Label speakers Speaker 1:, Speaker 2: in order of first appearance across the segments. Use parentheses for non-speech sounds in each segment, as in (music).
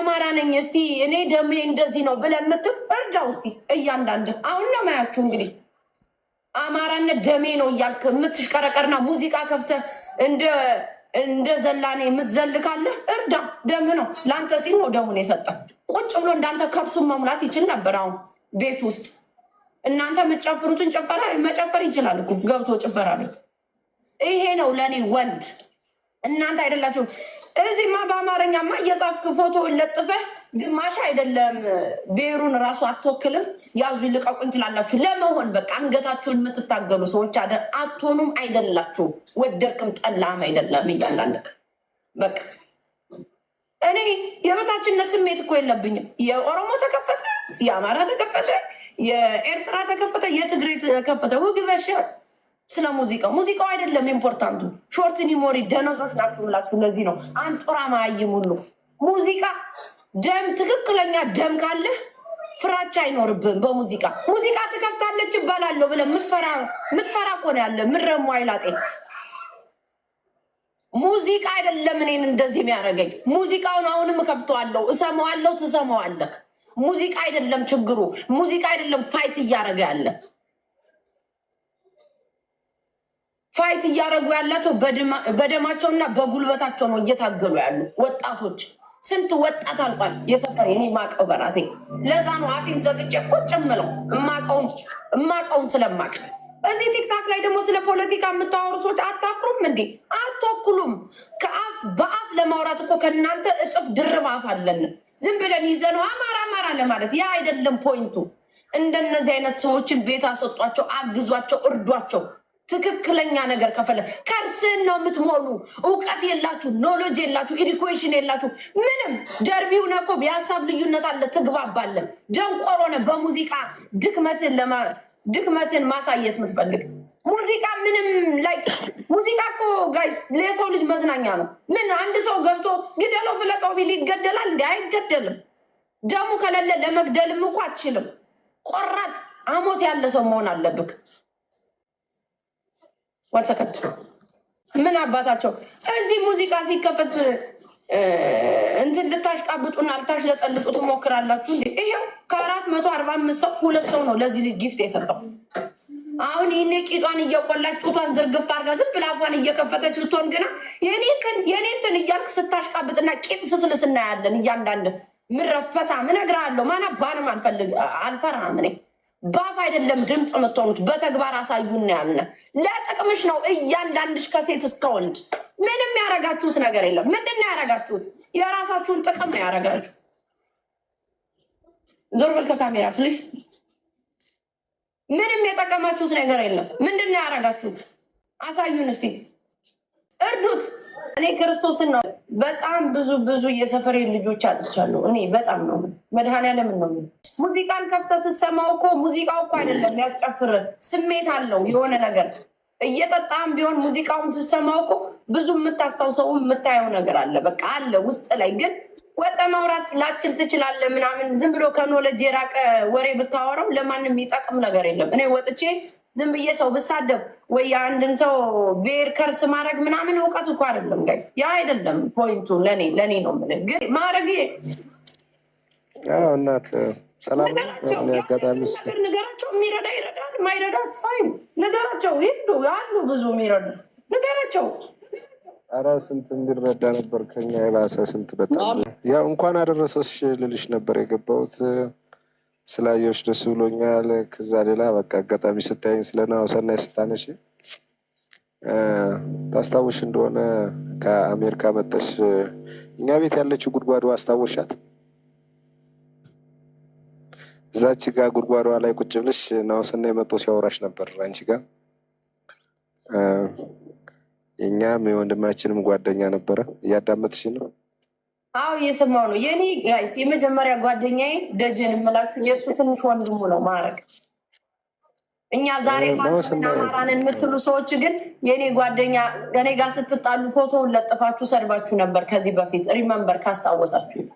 Speaker 1: አማራ ነኝ እስቲ እኔ ደሜ እንደዚህ ነው ብለን የምትል እርዳው እስቲ እያንዳንድ አሁን ነው ማያችሁ እንግዲህ አማራነት ደሜ ነው እያልክ የምትሽቀረቀርና ሙዚቃ ከፍተ እንደ ዘላኔ የምትዘልካለ እርዳ። ደም ነው ለአንተ ሲል ነው ደሙን የሰጠ። ቁጭ ብሎ እንዳንተ ከብሱን መሙላት ይችል ነበር። አሁን ቤት ውስጥ እናንተ የምትጨፍሩትን ጭፈራ መጨፈር ይችላል እኮ ገብቶ ጭፈራ ቤት። ይሄ ነው ለእኔ ወንድ። እናንተ አይደላችሁም እዚህማ በአማርኛማ እየጻፍክ ፎቶ ለጥፈህ ግማሽ አይደለም ብሔሩን እራሱ አትወክልም። ያዙ ይልቀቁኝ ትላላችሁ። ለመሆን በቃ አንገታችሁን የምትታገሉ ሰዎች አደ አትሆኑም። አይደላችሁም፣ ወደድክም ጠላም አይደለም። እያንዳንድ በቃ እኔ የበታችነት ስሜት እኮ የለብኝም። የኦሮሞ ተከፈተ፣ የአማራ ተከፈተ፣ የኤርትራ ተከፈተ፣ የትግሬ ተከፈተ ውግበሽ ስለ ሙዚቃው ሙዚቃው አይደለም ኢምፖርታንቱ። ሾርት ኒሞሪ ደነሶች ናቸው ብላችሁ ለዚህ ነው አንጡራ ማያይም ሁሉ ሙዚቃ ደም፣ ትክክለኛ ደም ካለ ፍራቻ አይኖርብህም። በሙዚቃ ሙዚቃ ትከፍታለች እባላለሁ ብለ ምትፈራ እኮ ነው ያለ ምረሙ አይላጤ ሙዚቃ አይደለም እኔን እንደዚህ የሚያደርገኝ። ሙዚቃውን አሁንም እከፍተዋለሁ፣ እሰማዋለሁ፣ ትሰማዋለህ። ሙዚቃ አይደለም ችግሩ፣ ሙዚቃ አይደለም ፋይት እያደረገ ያለ ፋይት እያደረጉ ያላቸው በደማቸውና በጉልበታቸው ነው እየታገሉ ያሉ ወጣቶች። ስንት ወጣት አልቋል። የሰፈር ይህ ማቀው በራሴ ለዛ ነው አፌን ዘግቼ ቁጭ ምለው እማቀውን ስለማቅ። በዚህ ቲክታክ ላይ ደግሞ ስለ ፖለቲካ የምታወሩ ሰዎች አታፍሩም እንዴ? አትወክሉም። ከአፍ በአፍ ለማውራት እኮ ከእናንተ እጥፍ ድርብ አፍ አለን። ዝም ብለን ይዘነው አማራ አማራ ለማለት ያ አይደለም ፖይንቱ። እንደነዚህ አይነት ሰዎችን ቤት አስወጧቸው፣ አግዟቸው፣ እርዷቸው። ትክክለኛ ነገር ከፈለ ከርስህን ነው የምትሞሉ። እውቀት የላችሁ፣ ኖሎጅ የላችሁ፣ ኢዱኬሽን የላችሁ። ምንም ደርቢው ነኮ እኮ የሀሳብ ልዩነት አለ፣ ትግባባለህ። ደንቆሮ ነህ። በሙዚቃ ድክመትን ድክመትን ማሳየት የምትፈልግ ሙዚቃ ምንም ላይ ሙዚቃ እኮ ጋይስ ለሰው ልጅ መዝናኛ ነው። ምን አንድ ሰው ገብቶ ግደለው ፍለጠው ቢል ይገደላል? እንዲ አይገደልም። ደሙ ከሌለ ለመግደልም እኮ አትችልም። ቆራጥ አሞት ያለ ሰው መሆን አለብክ። ዋትሰከት ምን አባታቸው እዚህ ሙዚቃ ሲከፈት እንትን ልታሽቃብጡና ልታሽለጠልጡ ትሞክራላችሁ እንዴ? ይሄው ከአራት መቶ አርባ አምስት ሰው ሁለት ሰው ነው ለዚህ ልጅ ጊፍት የሰጠው። አሁን ይህኔ ቂጧን እየቆላች ጡቷን ዝርግፍ አርጋ ዝም ብላ አፏን እየከፈተች ብትሆን ግና የኔ እንትን እያልክ ስታሽቃብጥና ቂጥ ስትልስ እናያለን። እያንዳንድ ምረፈሳ ምን እነግርሃለሁ። ማን አባንም አልፈልግ አልፈራም እኔ ባፍ አይደለም ድምፅ የምትሆኑት፣ በተግባር አሳዩን ያለ ለጥቅምሽ ነው። እያንዳንድሽ ከሴት እስከ ወንድ ምንም ያረጋችሁት ነገር የለም። ምንድን ያረጋችሁት? የራሳችሁን ጥቅም ነው ያረጋችሁ። ዞር በል ከካሜራ ፕሊስ። ምንም የጠቀማችሁት ነገር የለም። ምንድን ነው ያረጋችሁት? አሳዩን እስቲ። እርዱት። እኔ ክርስቶስን ነው በጣም ብዙ ብዙ የሰፈሬ ልጆች አጥቻለሁ። እኔ በጣም ነው መድኃኔዓለምን ነው ሙዚቃን ከፍተህ ስትሰማው እኮ ሙዚቃው እኮ አይደለም ያጨፍር ስሜት አለው የሆነ ነገር እየጠጣም ቢሆን ሙዚቃውን ስትሰማው እኮ ብዙ የምታስታውሰው የምታየው ነገር አለ። በቃ አለ ውስጥ ላይ ግን ወጠ ማውራት ላችል ትችላለህ ምናምን ዝም ብሎ ከኖለጅ የራቀ ወሬ ብታወራው ለማንም የሚጠቅም ነገር የለም። እኔ ወጥቼ ዝም ብዬ ሰው ብሳደብ ወይ የአንድን ሰው ብሔር ከርስ ማድረግ ምናምን እውቀቱ እኮ አይደለም ጋይስ፣ ያ አይደለም ፖይንቱ። ለኔ ለኔ ነው ምን ግን ማድረግ
Speaker 2: እናት ሰላም
Speaker 1: አጋጣሚ ንገራቸው። የሚረዳ ይረዳል፣ ማይረዳት ፋይን። ንገራቸው፣ ይሄዱ አሉ ብዙ የሚረዱ ንገራቸው።
Speaker 2: ኧረ ስንት የሚረዳ ነበር ከኛ የባሰ ስንት። በጣም ያው እንኳን አደረሰሽ ልልሽ ነበር የገባሁት ስላየሁሽ ደስ ብሎኛል። ከዛ ሌላ በቃ አጋጣሚ ስለና ስለናወሰና ስታነሽ ታስታውሽ እንደሆነ ከአሜሪካ መጠሽ እኛ ቤት ያለችው ጉድጓዶ አስታወሻት። እዛች ጋር ጉድጓዷ ላይ ቁጭ ብለሽ ናወሰና የመጦ ሲያወራሽ ነበር አንቺ ጋር የእኛም የወንድማችንም ጓደኛ ነበረ። እያዳመጥሽ ነው
Speaker 1: አዎ እየሰማው ነው። የኔ ጋይስ የመጀመሪያ ጓደኛዬ ደጀን የምላችሁ የእሱ ትንሽ ወንድሙ ነው ማድረግ እኛ ዛሬ ማራን የምትሉ ሰዎች ግን የኔ ጓደኛ ከኔ ጋር ስትጣሉ ፎቶውን ለጥፋችሁ ሰድባችሁ ነበር ከዚህ በፊት ሪመንበር ካስታወሳችሁት።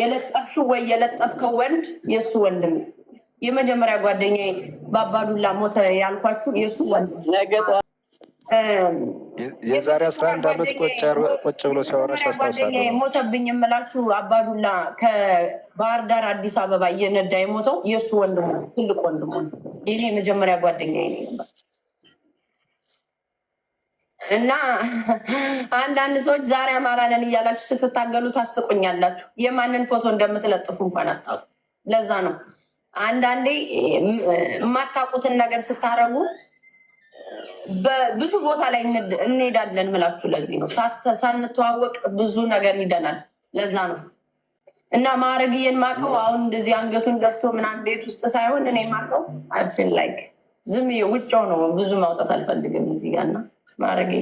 Speaker 1: የለጠፍሽው ወይ የለጠፍከው ወንድ የእሱ ወንድም የመጀመሪያ ጓደኛ በአባዱላ ሞተ ያልኳችሁ የእሱ ወንድም
Speaker 2: የዛሬ አስራ አንድ ዓመት ቁጭ ብሎ ሲያወራሽ አስታውሳለሁ።
Speaker 1: ሞተብኝ የምላችሁ አባዱላ ከባህር ዳር አዲስ አበባ እየነዳ የሞተው የእሱ ወንድሙ ትልቅ ወንድሙ ይህ የመጀመሪያ ጓደኛ ነበር እና አንዳንድ ሰዎች ዛሬ አማራ ነን እያላችሁ ስትታገሉ ታስቁኛላችሁ። የማንን ፎቶ እንደምትለጥፉ እንኳን አታውቁ። ለዛ ነው አንዳንዴ የማታውቁትን ነገር ስታረጉ ብዙ ቦታ ላይ እንሄዳለን ምላችሁ ለዚህ ነው ሳንተዋወቅ ብዙ ነገር ሂደናል። ለዛ ነው እና ማረግዬን ማቀው አሁን እንደዚህ አንገቱን ደፍቶ ምናምን ቤት ውስጥ ሳይሆን እኔ ማቀው አይፍን ላይክ ዝም ውጭው ነው። ብዙ ማውጣት አልፈልግም እዚህ ጋር እና ማረግ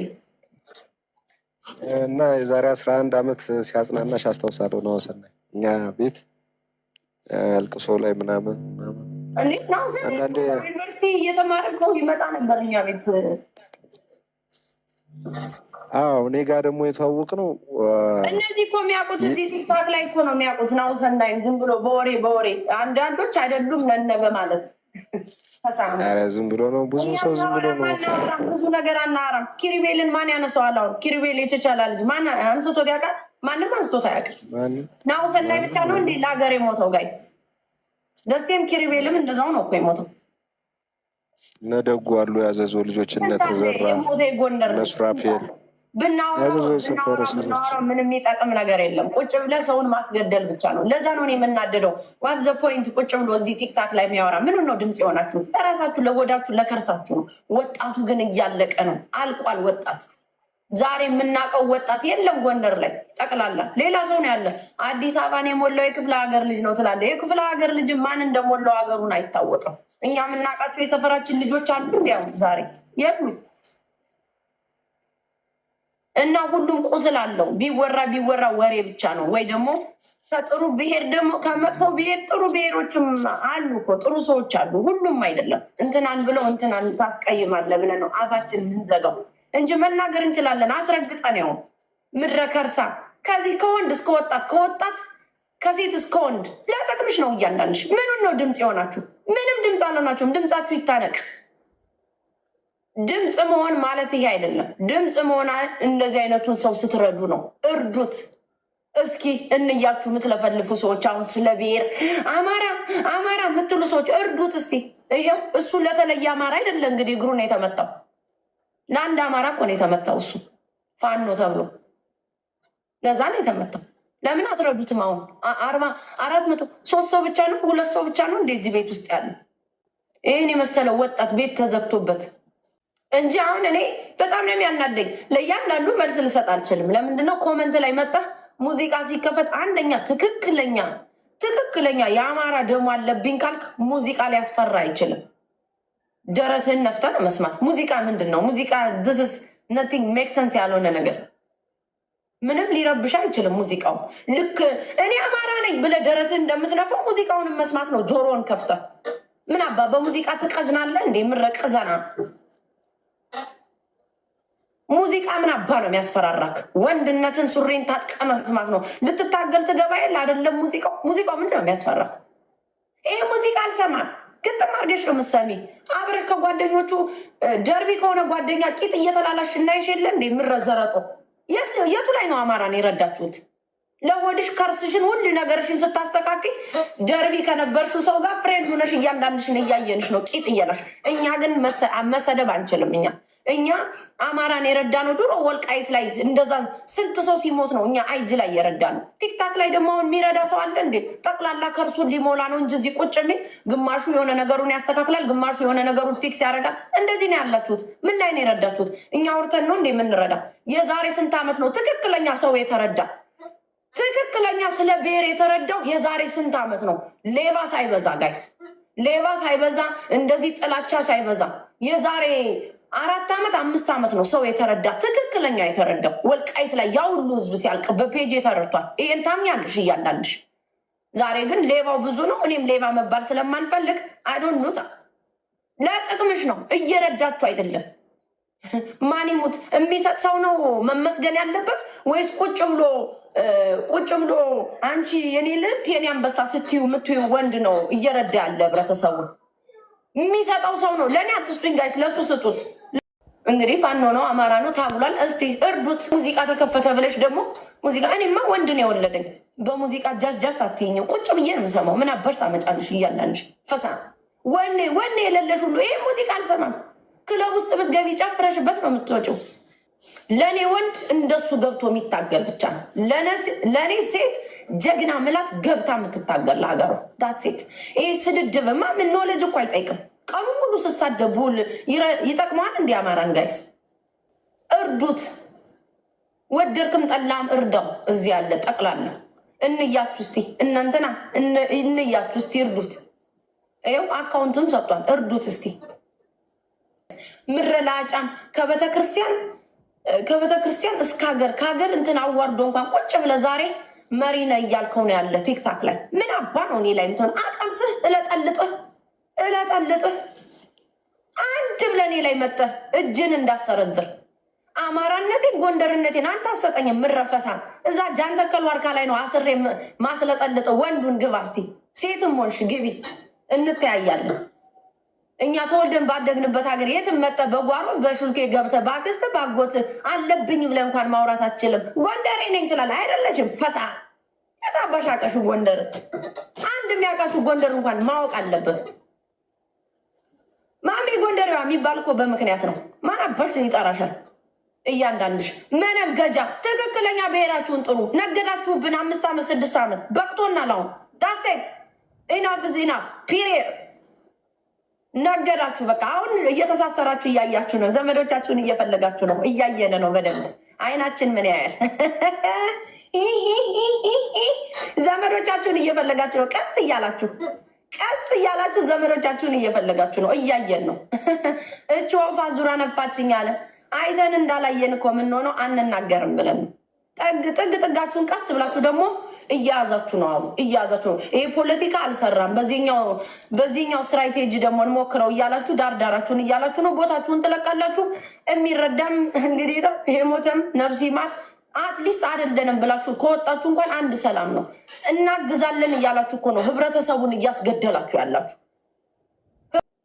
Speaker 2: እና የዛሬ አስራ አንድ አመት ሲያጽናናሽ አስታውሳለሁ ነው ሰናይ እኛ ቤት አልቅሶ ላይ ምናምን ምናምን
Speaker 1: ዩኒቨርሲቲ እየተማረ እኮ ይመጣ ነበር እኛ ቤት።
Speaker 2: አዎ እኔ ጋር ደግሞ የተዋወቅ ነው።
Speaker 1: እነዚህ እኮ የሚያውቁት እዚህ ቲክታክ ላይ እኮ ነው የሚያውቁት። ናው ሰናይን ዝም ብሎ በወሬ በወሬ አንዳንዶች አይደሉም ነነ በማለት
Speaker 2: ኧረ ዝም ብሎ ነው። ብዙ ሰው ዝም
Speaker 1: ብሎ ነው። ብዙ ነገር አናወራም። ኪሪቤልን ማን ያነሰዋል? አሁን ኪሪቤል የተቻላ ልጅ ማን አንስቶት ያውቃል? ማንም አንስቶት አያውቅም። ናው ሰናይ ብቻ ነው እንዴ ለሀገር የሞተው ጋይስ ደስቴም ኪሪቤልም እንደዛው ነው እኮ የሞተው።
Speaker 2: እነ ደጉ አሉ ያዘዞ ልጆች እነ ተዘራ እነ ሱራፌል
Speaker 1: ብናወራ ምንም የሚጠቅም ነገር የለም። ቁጭ ብለህ ሰውን ማስገደል ብቻ ነው። ለዛ ነው የምናደደው። ዋት ዘ ፖይንት? ቁጭ ብሎ እዚህ ቲክታክ ላይ የሚያወራ ምንም ነው ድምፅ የሆናችሁት ለራሳችሁ፣ ለጎዳችሁ፣ ለከርሳችሁ ነው። ወጣቱ ግን እያለቀ ነው። አልቋል ወጣት ዛሬ የምናውቀው ወጣት የለም። ጎንደር ላይ ጠቅላላ ሌላ ሰው ነው ያለ። አዲስ አበባን የሞላው የክፍለ ሀገር ልጅ ነው ትላለ። የክፍለ ሀገር ልጅ ማን እንደሞላው ሀገሩን አይታወቅም። እኛ የምናውቃቸው የሰፈራችን ልጆች አሉ ያው ዛሬ የሉ እና ሁሉም ቁስል አለው። ቢወራ ቢወራ ወሬ ብቻ ነው ወይ ደግሞ ከጥሩ ብሄር ደግሞ ከመጥፎ ብሄር ጥሩ ብሄሮችም አሉ እኮ ጥሩ ሰዎች አሉ። ሁሉም አይደለም። እንትናን ብለው እንትናን ታስቀይማለ ብለ ነው አፋችን ምንዘጋው። እንጂ መናገር እንችላለን። አስረግጠን ያው ምድረ ከርሳ ከዚህ ከወንድ እስከ ወጣት ከወጣት ከሴት እስከ ወንድ ለጥቅምሽ ነው። እያንዳንድሽ ምኑን ነው ድምፅ የሆናችሁ? ምንም ድምፅ አልሆናችሁም። ድምፃችሁ ይታነቅ። ድምፅ መሆን ማለት ይሄ አይደለም። ድምፅ መሆን እንደዚህ አይነቱን ሰው ስትረዱ ነው። እርዱት እስኪ እንያችሁ። የምትለፈልፉ ሰዎች አሁን ስለ ብሔር አማራ አማራ የምትሉ ሰዎች እርዱት እስቲ። ይኸው እሱ ለተለየ አማራ አይደለ እንግዲህ እግሩን የተመጣው ለአንድ አማራ እኮ ነው የተመታው። እሱ ፋኖ ተብሎ ለዛ ነው የተመታው። ለምን አትረዱትም? አሁን አርባ አራት መቶ ሶስት ሰው ብቻ ነው ሁለት ሰው ብቻ ነው እንደዚህ ቤት ውስጥ ያለ ይህን የመሰለው ወጣት ቤት ተዘግቶበት እንጂ አሁን እኔ በጣም ነው የሚያናደኝ። ለእያንዳንዱ መልስ ልሰጥ አልችልም። ለምንድነው ኮመንት ላይ መጣ ሙዚቃ ሲከፈት አንደኛ ትክክለኛ ትክክለኛ የአማራ ደሞ አለብኝ ካልክ ሙዚቃ ሊያስፈራ አይችልም። ደረትህን ነፍተ ነው መስማት። ሙዚቃ ምንድን ነው? ሙዚቃ ስ ነቲንግ ሜክ ሰንስ ያልሆነ ነገር ምንም ሊረብሽ አይችልም። ሙዚቃው ልክ እኔ አማራ ነኝ ብለህ ደረትህን እንደምትነፋው ሙዚቃውን መስማት ነው። ጆሮን ከፍተ ምን አባ በሙዚቃ ትቀዝናለህ እንዴ? ምረቅ ዘና ሙዚቃ ምን አባ ነው የሚያስፈራራክ? ወንድነትን ሱሪን ታጥቀ መስማት ነው። ልትታገል ትገባ የለ አይደለም። ሙዚቃው ሙዚቃው ምንድን ነው የሚያስፈራክ? ይሄ ሙዚቃ አልሰማን ግጥም አድርገሽ ነው ምሰሚ አብረሽ ከጓደኞቹ ደርቢ ከሆነ ጓደኛ ቂጥ እየተላላሽ እናይሽ የለ እንዴ? የምረዘረጠው የቱ ላይ ነው? አማራን የረዳችሁት ለወድሽ ከርስሽን ሁሉ ነገርሽን ስታስተካክል ደርቢ ከነበርሽው ሰው ጋር ፍሬንድ ሆነሽ እያንዳንድሽን እያየንሽ ነው ቂጥ እያላሽ። እኛ ግን መሰደብ አንችልም እኛ እኛ አማራን የረዳነው ድሮ ወልቃይት ላይ እንደዛ ስንት ሰው ሲሞት ነው እኛ አይጅ ላይ የረዳነው። ቲክታክ ላይ ደግሞ አሁን የሚረዳ ሰው አለ እንዴ? ጠቅላላ ከእርሱ ሊሞላ ነው እንጂ እዚህ ቁጭ የሚል ግማሹ የሆነ ነገሩን ያስተካክላል፣ ግማሹ የሆነ ነገሩን ፊክስ ያደርጋል። እንደዚህ ነው ያላችሁት። ምን ላይ ነው የረዳችሁት? እኛ አውርተን ነው እንዴ የምንረዳ? የዛሬ ስንት ዓመት ነው ትክክለኛ ሰው የተረዳ ትክክለኛ ስለ ብሔር የተረዳው የዛሬ ስንት ዓመት ነው? ሌባ ሳይበዛ ጋይስ፣ ሌባ ሳይበዛ እንደዚህ ጥላቻ ሳይበዛ የዛሬ አራት ዓመት አምስት ዓመት ነው ሰው የተረዳ ትክክለኛ የተረዳው ወልቃይት ላይ ያ ሁሉ ህዝብ ሲያልቅ በፔጅ ተረድቷል። ይሄን ታምኛለሽ እያንዳንድሽ። ዛሬ ግን ሌባው ብዙ ነው። እኔም ሌባ መባል ስለማልፈልግ አይዶን ለጥቅምሽ ነው። እየረዳችሁ አይደለም። ማን ይሙት የሚሰጥ ሰው ነው መመስገን ያለበት ወይስ ቁጭ ብሎ ቁጭ ብሎ አንቺ የኔ ልብት የኔ አንበሳ ስትዩ ምትዩ ወንድ ነው እየረዳ ያለ ህብረተሰቡን የሚሰጠው ሰው ነው። ለእኔ አትስጡኝ ጋይስ፣ ለሱ ስጡት። እንግዲህ ፋኖ ነው አማራ ነው ታብሏል። እስቲ እርዱት። ሙዚቃ ተከፈተ ብለሽ ደግሞ ሙዚቃ እኔማ ወንድን የወለደኝ በሙዚቃ ጃዝ ጃዝ አትኘው ቁጭ ብዬ ነው የምሰማው። ምን አባሽ ታመጫለሽ? እያንዳንሽ ፈሳ ወኔ ወኔ የሌለሽ ሁሉ ይህ ሙዚቃ አልሰማም። ክለብ ውስጥ ብትገቢ ጨፍረሽበት ነው የምትወጪው። ለእኔ ወንድ እንደሱ ገብቶ የሚታገል ብቻ ነው። ለእኔ ሴት ጀግና ምላት ገብታ የምትታገል ለሀገሩ ዳት ሴት። ይህ ስድድብማ ምን ኖለጅ እኮ አይጠይቅም። ቀኑ ሙሉ ስሳደብ ውል ይጠቅመዋል። እንዲ አማራን ጋይስ እርዱት፣ ወደድክም ጠላም እርዳው። እዚህ ያለ ጠቅላላ እንያችሁ እስቲ እናንተና እንያችሁ እስቲ እርዱት። ይኸው አካውንትም ሰጥቷል። እርዱት እስቲ ምረላጫም ከቤተ ክርስቲያን ከቤተ ክርስቲያን እስከ ሀገር ከሀገር እንትን አዋርዶ እንኳን ቁጭ ብለ ዛሬ መሪ ነህ እያልከው ነው ያለ ቲክታክ ላይ ምን አባ ነው እኔ ላይ ምትሆን አቀምስህ እለጠልጥህ እለጠልጥህ አንድ ለእኔ ላይ መጥተህ እጅን እንዳሰረዝር አማራነቴን ጎንደርነቴን አንተ አሰጠኝ ምረፈሳ እዛ ጃንተከል ዋርካ ላይ ነው አስሬ ማስለጠልጥ። ወንዱን ግባ እስቲ፣ ሴትም ሆንሽ ግቢ፣ እንተያያለን። እኛ ተወልደን ባደግንበት ሀገር የትም መጠ በጓሮ በሹልኬ ገብተህ በአክስት ባጎት አለብኝ ብለህ እንኳን ማውራት አትችልም። ጎንደሬ ነኝ ትላለህ። አይደለችም ፈሳ የታባሻቀሹ ጎንደር አንድ የሚያውቃችሁ ጎንደር እንኳን ማወቅ አለበት። ማሜ ጎንደሬዋ የሚባል እኮ በምክንያት ነው። ማናባሽ ይጠራሻል። እያንዳንድሽ መነገጃ ትክክለኛ ብሔራችሁን ጥሩ። ነገዳችሁብን አምስት ዓመት ስድስት ዓመት በቅቶናል። አሁን ዳሴት ኢናፍ ዝ ኢናፍ ፒሪየር ነገዳችሁ። በቃ አሁን እየተሳሰራችሁ እያያችሁ ነው። ዘመዶቻችሁን እየፈለጋችሁ ነው። እያየነ ነው በደንብ አይናችን ምን ያያል። (laughs) ዘመዶቻችሁን እየፈለጋችሁ ነው ቀስ እያላችሁ ቀስ እያላችሁ ዘመዶቻችሁን እየፈለጋችሁ ነው። እያየን ነው። (laughs) እች ወፋ ዙራ ነፋችኝ አለ። አይተን እንዳላየን እኮ የምንሆነው አንናገርም ብለን ጥግ ጥግ ጥጋችሁን ቀስ ብላችሁ ደግሞ እያያዛችሁ ነው አሉ። እያያዛችሁ ነው። ይሄ ፖለቲካ አልሰራም፣ በዚህኛው ስትራቴጂ ደግሞ እንሞክረው እያላችሁ ዳርዳራችሁን እያላችሁ ነው። ቦታችሁን ትለቃላችሁ። የሚረዳም እንግዲህ ነው። ይሄ ሞተም ነፍስ ይማር አትሊስት አይደለንም ብላችሁ ከወጣችሁ እንኳን አንድ ሰላም ነው። እናግዛለን እያላችሁ እኮ ነው ህብረተሰቡን እያስገደላችሁ ያላችሁ።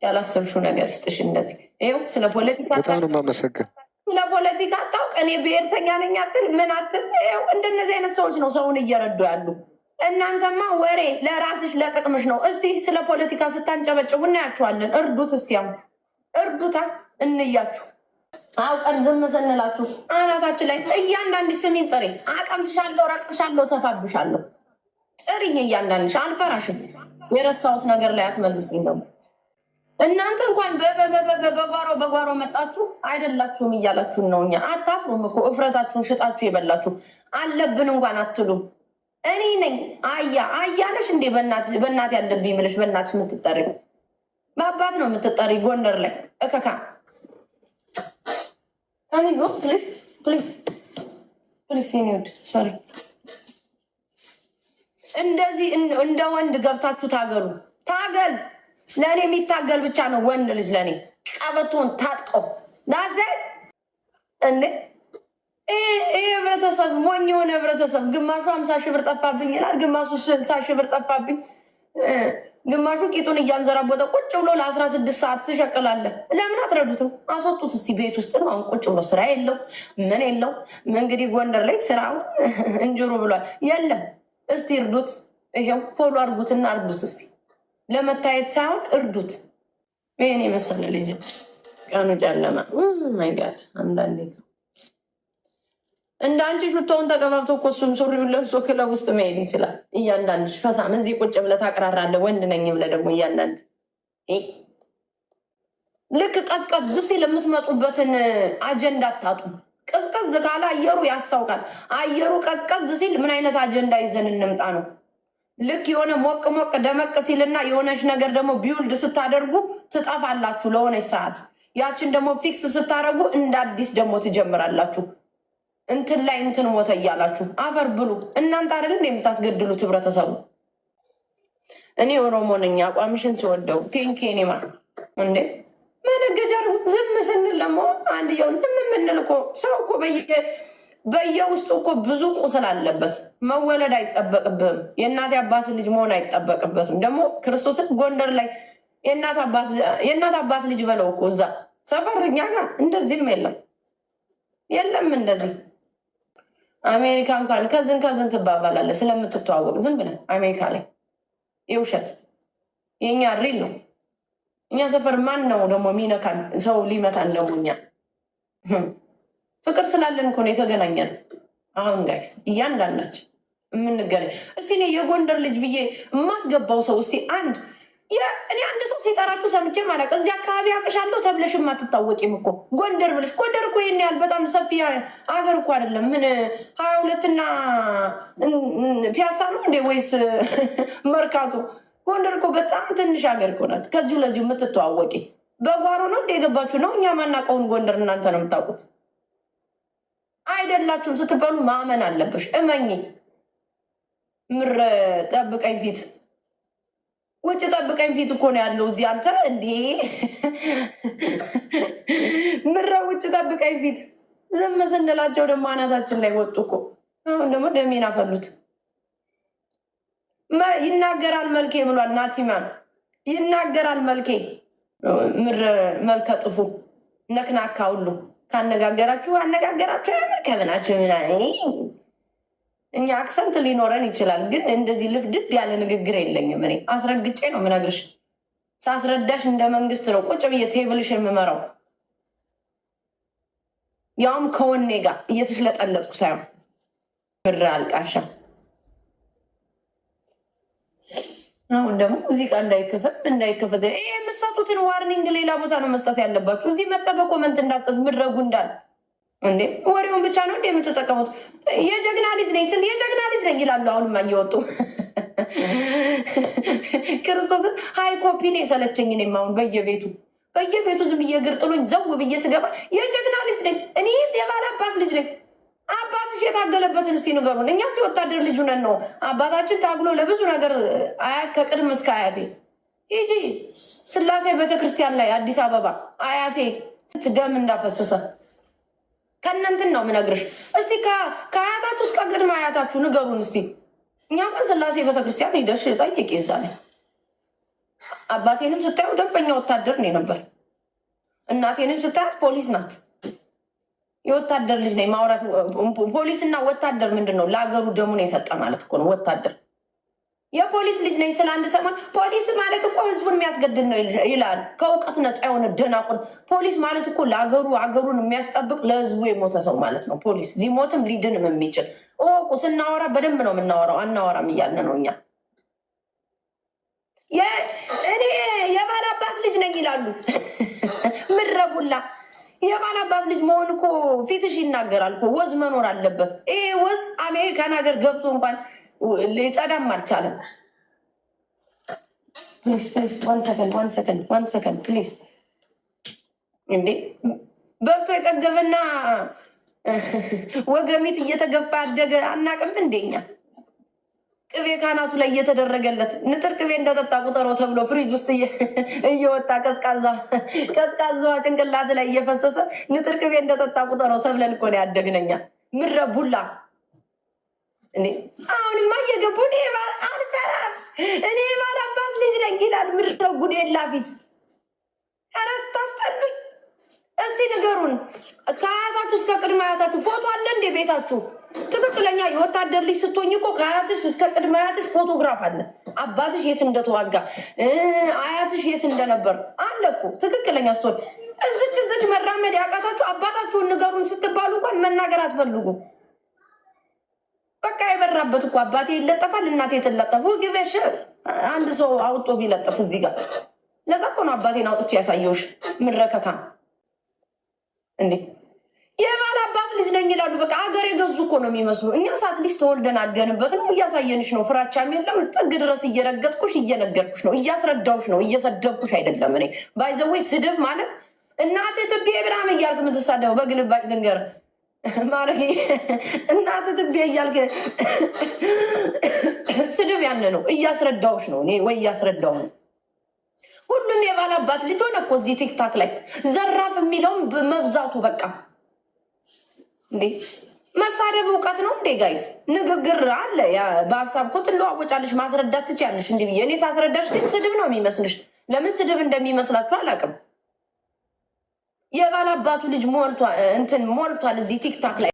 Speaker 1: ያላሰብሽው ነገር ስጥሽ እንደዚህ ይኸው። ስለ ፖለቲካ ስለ ፖለቲካ አታውቅ፣ እኔ ብሔርተኛ ነኝ አትል ምን አትል። ይኸው እንደነዚህ አይነት ሰዎች ነው ሰውን እየረዱ ያሉ። እናንተማ ወሬ ለራስሽ ለጥቅምሽ ነው። እስቲ ስለ ፖለቲካ ስታንጨበጭቡ እናያችኋለን። እርዱት፣ እስቲ እርዱታ፣ እንያችሁ አውቀን ዝም ስንላችሁ አናታችን ላይ እያንዳንድ ስሚን ጥሪ አቀምስሻለሁ፣ ረቅጥሻለሁ፣ ተፋብሻለሁ። ጥሪኝ እያንዳንድሽ አልፈራሽም። የረሳሁት ነገር ላይ አትመልስኝ ደግሞ እናንተ እንኳን በጓሮ በጓሮ መጣችሁ አይደላችሁም እያላችሁን ነው። እኛ አታፍሩም እኮ እፍረታችሁን ሽጣችሁ የበላችሁ አለብን እንኳን አትሉም። እኔ ነኝ አያ አያነሽ እንዴ በእናት ያለብኝ ምልሽ በእናትሽ የምትጠሪ በአባት ነው የምትጠሪ ጎንደር ላይ እከካ ካን ዩ ፕሊዝ ፕሊዝ ፕሊዝ ሲኒድ ሶሪ። እንደዚህ እንደ ወንድ ገብታችሁ ታገሉ። ታገል ለእኔ የሚታገል ብቻ ነው ወንድ ልጅ ለእኔ ቀበቶን ታጥቀው ዳዘ እንዴ ይህ ህብረተሰብ ሞኝ የሆነ ህብረተሰብ ግማሹ ሀምሳ ሺህ ብር ጠፋብኝ ይላል፣ ግማሹ ስልሳ ሺህ ብር ጠፋብኝ ግማሹ ቂጡን እያንዘራቦጠ ቁጭ ብሎ ለአስራ ስድስት ሰዓት ትሸቅላለህ። ለምን አትረዱትም? አስወጡት እስቲ ቤት ውስጥ ነው አሁን ቁጭ ብሎ ስራ የለው ምን የለው። እንግዲህ ጎንደር ላይ ስራ (laughs) እንጅሩ ብሏል የለም። እስቲ እርዱት። ይሄው ፎሎ አርጉትና እርዱት እስቲ ለመታየት ሳይሆን እርዱት። ይህን የመሰለ ልጅ ቀኑ ጨለማ። አንዳንዴ እንደ አንቺ ሹታውን ተቀባብቶ እኮ እሱም ሱሪውን ለብሶ ክለብ ውስጥ መሄድ ይችላል። እያንዳንድ ፈሳም እዚህ ቁጭ ብለህ ታቅራራለ ወንድ ነኝ ብለህ ደግሞ እያንዳንድ ልክ ቀዝቀዝ ሲል የምትመጡበትን አጀንዳ አታጡ። ቀዝቀዝ ካለ አየሩ ያስታውቃል። አየሩ ቀዝቀዝ ሲል ምን አይነት አጀንዳ ይዘን እንምጣ ነው። ልክ የሆነ ሞቅ ሞቅ ደመቅ ሲልና የሆነች ነገር ደግሞ ቢውልድ ስታደርጉ ትጠፋላችሁ ለሆነች ሰዓት። ያችን ደግሞ ፊክስ ስታደርጉ እንደ አዲስ ደግሞ ትጀምራላችሁ። እንትን ላይ እንትን ሞተ እያላችሁ አፈር ብሉ እናንተ እንደ የምታስገድሉት ህብረተሰቡ። እኔ ኦሮሞ ነኝ፣ አቋምሽን ስወደው ቴንኪ ኔማ እንዴ መነገጃ ዝም ስንል ደግሞ አንድየውን ዝም የምንል እኮ ሰው እኮ በየውስጡ እኮ ብዙ ቁስል አለበት። መወለድ አይጠበቅብህም። የእናት አባት ልጅ መሆን አይጠበቅበትም። ደግሞ ክርስቶስን ጎንደር ላይ የእናት አባት ልጅ በለው እኮ እዛ ሰፈር እኛ ጋር እንደዚህም የለም የለም እንደዚህ አሜሪካን እንኳን ከዝን ከዝን ትባባላለ ስለምትተዋወቅ ዝም ብለ አሜሪካ ላይ የውሸት የእኛ ሪል ነው። እኛ ሰፈር ማን ነው ደግሞ የሚነካን? ሰው ሊመታን ደግሞ እኛ ፍቅር ስላለን እኮ ነው የተገናኘን። አሁን ጋይስ እያንዳንዳችን የምንገናኝ እስቲ እኔ የጎንደር ልጅ ብዬ የማስገባው ሰው እስቲ አንድ እኔ አንድ ሰው ሲጠራችሁ ሰምቼ ማለቅ። እዚህ አካባቢ አቅሻለሁ ተብለሽም አትታወቂም እኮ ጎንደር ብለሽ። ጎንደር እኮ ይህን ያህል በጣም ሰፊ አገር እኮ አይደለም። ምን ሀያ ሁለትና ፒያሳ ነው እንዴ ወይስ መርካቶ? ጎንደር እኮ በጣም ትንሽ አገር እኮ ናት። ከዚሁ ለዚሁ የምትተዋወቂ በጓሮ ነው እንደ የገባችሁ ነው። እኛ ማናቀውን ጎንደር እናንተ ነው የምታውቁት። አይደላችሁም ስትባሉ ማመን አለብሽ። እመኝ ምር ጠብቀኝ ፊት ውጭ ጠብቀኝ ፊት እኮ ነው ያለው። እዚህ አንተ እንዴ ምራ ውጭ ጠብቀኝ ፊት ዝም ስንላቸው ደግሞ አናታችን ላይ ወጡ እኮ። አሁን ደግሞ ደሜን አፈሉት። ይናገራል መልኬ ብሏል ናቲማን ይናገራል መልኬ ምር መልከ ጥፉ ነክናካ ሁሉ ካነጋገራችሁ አነጋገራችሁ ያምር ከምናችሁ ምና እኛ አክሰንት ሊኖረን ይችላል፣ ግን እንደዚህ ልፍድድ ያለ ንግግር የለኝም። እኔ አስረግጬ ነው የምነግርሽ። ሳስረዳሽ እንደ መንግስት ነው ቁጭ ብዬ ቴብልሽ የምመራው፣ ያውም ከወኔ ጋር እየተሽለጠለጥኩ ሳይሆን ብር አልቃሻ። አሁን ደግሞ ሙዚቃ እንዳይከፈት እንዳይከፈት፣ ይህ የምትሰጡትን ዋርኒንግ ሌላ ቦታ ነው መስጠት ያለባችሁ። እዚህ መጠበቅ ኮመንት እንዳጽፍ ምድረጉ እንዳል እንዴ ወሬውን ብቻ ነው እንዴ የምትጠቀሙት? የጀግና ልጅ ነኝ ስል የጀግና ልጅ ነኝ ይላሉ። አሁንማ እየወጡ ክርስቶስን ሀይ ኮፒ ነው የሰለቸኝ። እኔም አሁን በየቤቱ በየቤቱ ዝም ብዬ ጥሎኝ ዘው ብዬ ስገባ የጀግና ልጅ ነኝ እኔ የባል አባት ልጅ ነኝ። አባትሽ የታገለበትን እስቲ ንገሩን። እኛ ሲ ወታደር ልጅ ነን ነው አባታችን ታግሎ ለብዙ ነገር አያት ከቅድም እስከ አያቴ ይጂ ስላሴ ቤተክርስቲያን ላይ አዲስ አበባ አያቴ ስትደም እንዳፈሰሰ ከእናንትን ነው ምነግርሽ። እስቲ ከአያታችሁ እስከ ቅድመ አያታችሁ ንገሩን እስቲ። እኛ እንኳን ስላሴ ቤተክርስቲያን ሂደሽ ጠይቂ። እዛ ላይ አባቴንም ስታዩ ደንበኛ ወታደር ነው ነበር። እናቴንም ስታያት ፖሊስ ናት። የወታደር ልጅ ነኝ። ማውራት ፖሊስና ወታደር ምንድን ነው? ለሀገሩ ደሙን የሰጠ ማለት እኮ ነው ወታደር የፖሊስ ልጅ ነኝ ስለ አንድ ሰሞን ፖሊስ ማለት እኮ ህዝቡን የሚያስገድል ነው ይላል። ከእውቀት ነፃ የሆነ ደናቁርት። ፖሊስ ማለት እኮ ለአገሩ አገሩን የሚያስጠብቅ ለህዝቡ የሞተ ሰው ማለት ነው። ፖሊስ ሊሞትም ሊድንም የሚችል እወቁ። ስናወራ በደንብ ነው የምናወራው፣ አናወራም እያለ ነው እኛ። እኔ የባላባት ልጅ ነኝ ይላሉ። (laughs) ምድረጉላ የባላባት ልጅ መሆን እኮ ፊትሽ ይናገራል። ወዝ መኖር አለበት። ይሄ ወዝ አሜሪካን ሀገር ገብቶ እንኳን ሊጸዳም አልቻለም። ፕሊዝ ፕሊዝ፣ ዋን ሰከንድ፣ ዋን ሰከንድ፣ ዋን ሰከንድ ዋን ሰከንድ ዋን ሰከንድ እንዴ በልቶ የጠገበና ወገሚት እየተገፋ ያደገ አናቅም። እንደኛ ቅቤ ካናቱ ላይ እየተደረገለት ንጥር ቅቤ እንደጠጣ ቁጠሮ ተብሎ ፍሪጅ ውስጥ እየወጣ ቀዝቃዛ ቀዝቃዛዋ ጭንቅላት ላይ እየፈሰሰ ንጥር ቅቤ እንደጠጣ ቁጠሮ ተብለን እኮ ነው ያደግነኛ ምድረ ቡላ አሁንማ እየገቡ እኔ አልፈራም፣ እኔ ባላባት ልጅ ነኝ ይላል። ምድረው ጉዴላ ፊት ኧረ ታስጠሉኝ። እስቲ ንገሩን፣ ከአያታችሁ እስከ ቅድመ አያታችሁ ፎቶ አለ እንዴ ቤታችሁ? ትክክለኛ የወታደር ልጅ ስትሆኝ እኮ ከአያትሽ እስከ ቅድመ አያትሽ ፎቶግራፍ አለ። አባትሽ የት እንደተዋጋ አያትሽ የት እንደነበር አለ እኮ ትክክለኛ ስትሆን። እዝች እዝች መራመድ ያቃታችሁ አባታችሁን ንገሩን ስትባሉ እንኳን መናገር አትፈልጉም። በቃ የበራበት እኮ አባቴ ይለጠፋል፣ እናቴ የተለጠፉ ግበሽ አንድ ሰው አውጦ ቢለጠፍ እዚህ ጋር ለዛ እኮ ነው አባቴን አውጥቼ ያሳየውሽ። ምረከካ እንዴ የባል አባት ልጅ ነኝ ይላሉ። በቃ አገር የገዙ እኮ ነው የሚመስሉ። እኛ ሳት ልጅ ተወልደን አድገንበት ነው። እያሳየንሽ ነው፣ ፍራቻም የለም። ጥግ ድረስ እየረገጥኩሽ እየነገርኩሽ ነው፣ እያስረዳውሽ ነው፣ እየሰደብኩሽ አይደለም። እኔ ባይዘወይ ስድብ ማለት እናቴ ትቤ ብርሃም እያልክ የምትሳደበው በግልባጭ ልንገርህ ማረፊ እናት ትቤ እያልክ ስድብ ያነ ነው። እያስረዳዎች ነው እኔ ወይ እያስረዳው ነው። ሁሉም የባል አባት ልጅ ሆነ እኮ እዚህ ቲክታክ ላይ ዘራፍ የሚለውም መብዛቱ በቃ እንዴ መሳደብ እውቀት ነው እንዴ ጋይስ? ንግግር አለ በሀሳብ እኮ ትለዋወጫለሽ፣ ማስረዳት ትችያለሽ። እንዲ ብዬ እኔ ሳስረዳሽ ግን ስድብ ነው የሚመስልሽ። ለምን ስድብ እንደሚመስላችሁ አላውቅም። የባላባቱ ልጅ እንትን ሞልቷል እዚህ ቲክቶክ ላይ